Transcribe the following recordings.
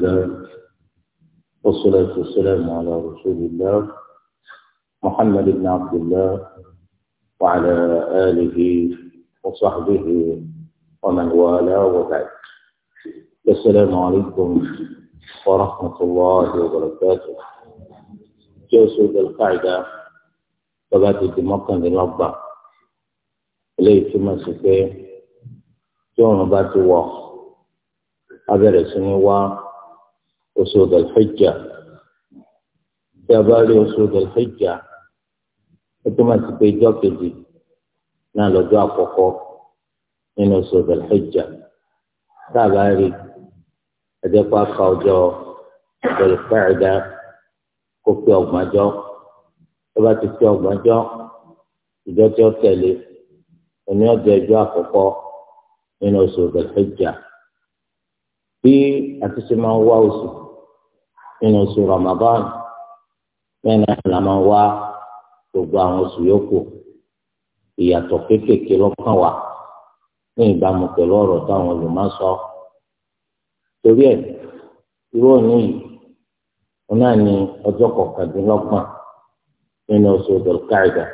الله والصلاة والسلام على رسول الله محمد بن عبد الله وعلى آله وصحبه ومن والاه وبعد السلام عليكم ورحمة الله وبركاته جسد القاعدة فبات الدمقن للأربع إليه ثم سكيه tí ọ̀run bá ti wọ̀ abẹ́rẹ́ oṣù dàlfẹ́jà tí a bá rí oṣù dàlfẹ́jà ó túmọ̀ sí pé ìjọ kejì náà lọ́jọ́ àkọ́kọ́ nínú oṣù dàlfẹ́jà tá a bá rí ẹ̀dẹ́pá ka ọjọ́ dàlfẹ́ẹ̀dá kó pé ọgbọ̀njọ́ tó bá ti pé ọgbọ̀njọ́ ìjọ tí ó tẹ̀lé òní ọjọ́ ìjọ àkọ́kọ́ nínú oṣù dàlfẹ́jà bí àtúnṣe máa ń wá oṣù. nínú oṣù Ramadan lẹ́yìn náà la máa wá gbogbo àwọn oṣù yòókù ìyàtọ̀ kéékèèké lọ́kàn wa ní ìbámu pẹ̀lú ọ̀rọ̀ táwọn olùmọ̀ sọ torí ẹ̀ irú òní yìí wọn náà ní ọjọ́ kọkàndínlọ́gbọ̀n nínú oṣù dọ̀lkáìdà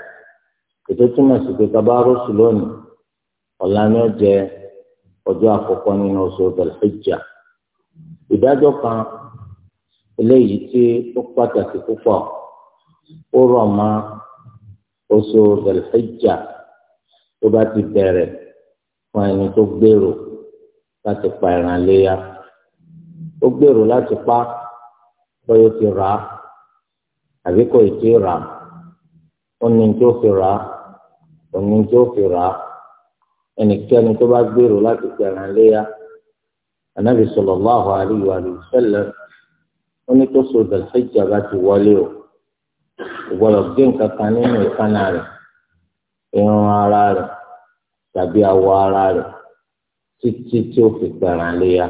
ètò túmọ̀ sí pé kábàárọ̀sù lónìí ọ̀la ni ó jẹ ọjọ́ àkọ́kọ́ nínú kan eléyìí tí ó pàtàkì púpọ̀ ó rọ̀ mọ́ oṣù Dhul-Hijja tó bá ti bẹ̀rẹ̀ fún ẹni tó gbèrò láti pa ẹran léyà ó gbèrò láti pa bóyá ti rà á àbí kò ì tí rà á ó ní tí ó fi rà á ó ní tí ó fi rà á ẹnikẹ́ni tó bá gbèrò láti pa ẹran léyà Ànábì sallallahu alaihi wa sallam ó ní tó so dàlẹ́jà bá ti wọlé o ìgbọ́dọ̀ gé nǹkan kan nínú ìkánná rẹ̀ irun ara rẹ̀ tàbí awọ ara rẹ̀ títí tí ó fi gbàràn léya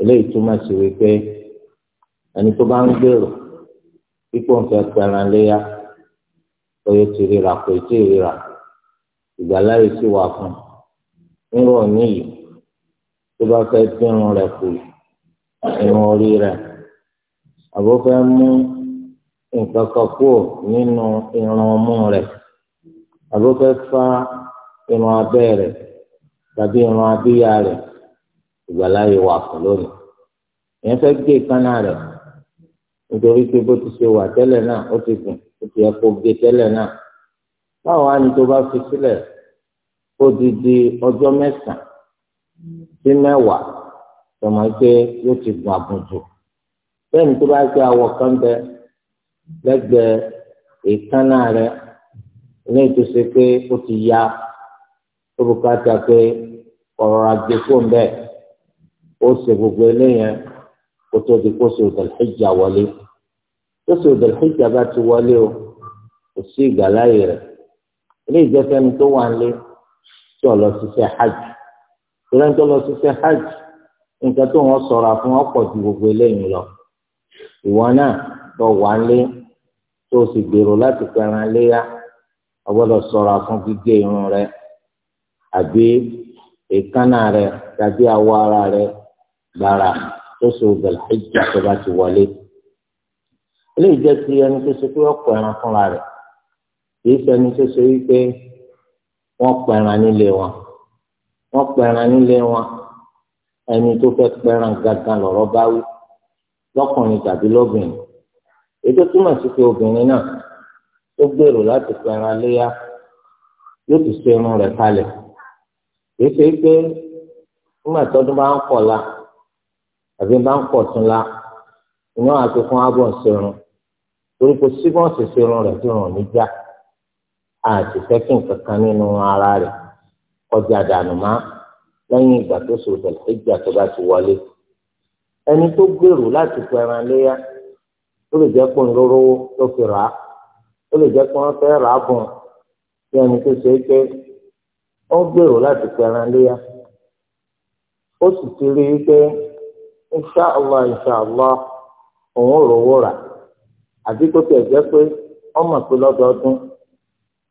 eléyìí túmọ̀ sí wípé ẹni tó bá ń gbèrò pípọ̀ ń fẹ́ gbàràn léya oyè ti ríra kò tí ì ríra ìgbàláyè sì wà fún nírọ̀ níyì tó bá fẹ́ dínrùn rẹ̀ kù irun orí rẹ̀ àbó fẹ́ mú nǹkan kan kúrò nínú irun ọmú rẹ̀ àbó fẹ́ fa irun abẹ́ rẹ̀ tàbí irun abíyá rẹ̀ ìgbàláyè wà fún lónìí ìyẹn fẹ́ gé kánà rẹ̀ nítorí pé bó ti ṣe wà tẹ́lẹ̀ náà ó ti gùn ó ti yẹ kó gé tẹ́lẹ̀ náà báwo á ní tó bá fi sílẹ̀ ó di di ọjọ́ mẹ́sàn-án sí mẹ́wàá tọmọ pé yóò ti gùn àgùn bẹ́ẹ̀ ni tó bá ṣe awọ kan bẹ lẹ́gbẹ̀ẹ́ èékánná rẹ ní ìtòsí pé ó ti ya ó bùkátà pé ọ̀rọ̀ àgbẹ̀ kò ń bẹ́ẹ̀ ó ṣe gbogbo eléyẹn kó tó di kó ṣe òdàlẹ́jà wọlé tó ṣe òdàlẹ́jà bá ti wọlé o kò sí ìgbàláyè rẹ̀ ilé ìjọsẹ́ni tó wà nílé tí ọ̀ lọ ṣiṣẹ́ hajj ìrẹ́ńtọ́ lọ ṣiṣẹ́ hajj nǹkan tó wọ́n sọ̀rọ̀ fún ọ̀pọ̀ ju gbogbo eléyìí lọ ìwọ náà lọ wà lé tó o sì gbèrò láti pẹran léyà o gbọ́dọ̀ ṣọ́ra fún gígé irun rẹ àbí èékánná rẹ tàbí awọ ara rẹ gbàrà tó so gbàlàjà tó bá ti wọlé eléyìí jẹ́ ti ẹni tó ṣe pé ọ̀pọ̀ ẹran fúnra rẹ̀ kì í ṣẹni tó ṣe wípé wọ́n pẹran nílé wọn wọ́n pẹran nílé wọn ẹni tó fẹ́ pẹran gangan lọ̀rọ̀ bá wí lọ́kùnrin tàbí lóbìnrin ètò túmọ̀ sí pé obìnrin náà tó gbèrò láti fẹ́ràn léyà yóò tún ṣe irun rẹ̀ kalẹ̀ ètò ìpè nígbà tọdún bá ń pọ̀ la àbí bá ń pọ̀ tún la ìyẹn àti fún abọ̀ ń ṣerun torí kò sí bọ́n ṣe ṣerun rẹ̀ tí wọn ò ní já àti fẹ́kìn kankan nínú ara rẹ̀ kọjá dànù má lẹ́yìn ìgbà tó so tẹ̀lé ìjà tó bá ti wọlé. ẹni tó gbèrò láti pẹ ẹran léyà ó lè jẹ́ pé ńlọ́rọ́ ló fi rà á ó lè pé wọ́n fẹ́ rà á bùn bí ẹni tó ṣe é pé ó gbèrò láti pẹ ẹran léyà ó sì ti rí i pé inṣàlá inṣàlá òun ò rówó rà àbí tó pé pé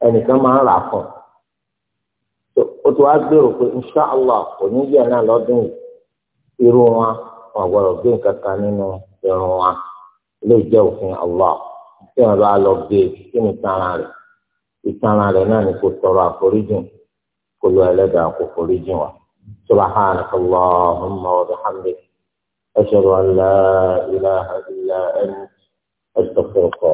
ẹnìkan máa ń rà á fún wá gbèrò wọn gbọ́dọ̀ gbé nǹkan kan nínú irun wa lè jẹ́ òfin Allah tí wọn bá lọ gbé kí ni tara rẹ̀ ìtara rẹ̀ náà ni kò tọrọ àforíjìn kò lọ ẹlẹ́dàá kò foríjìn wa subhanaka Allahumma wa bihamdik ashhadu an la ilaha illa anta astaghfiruka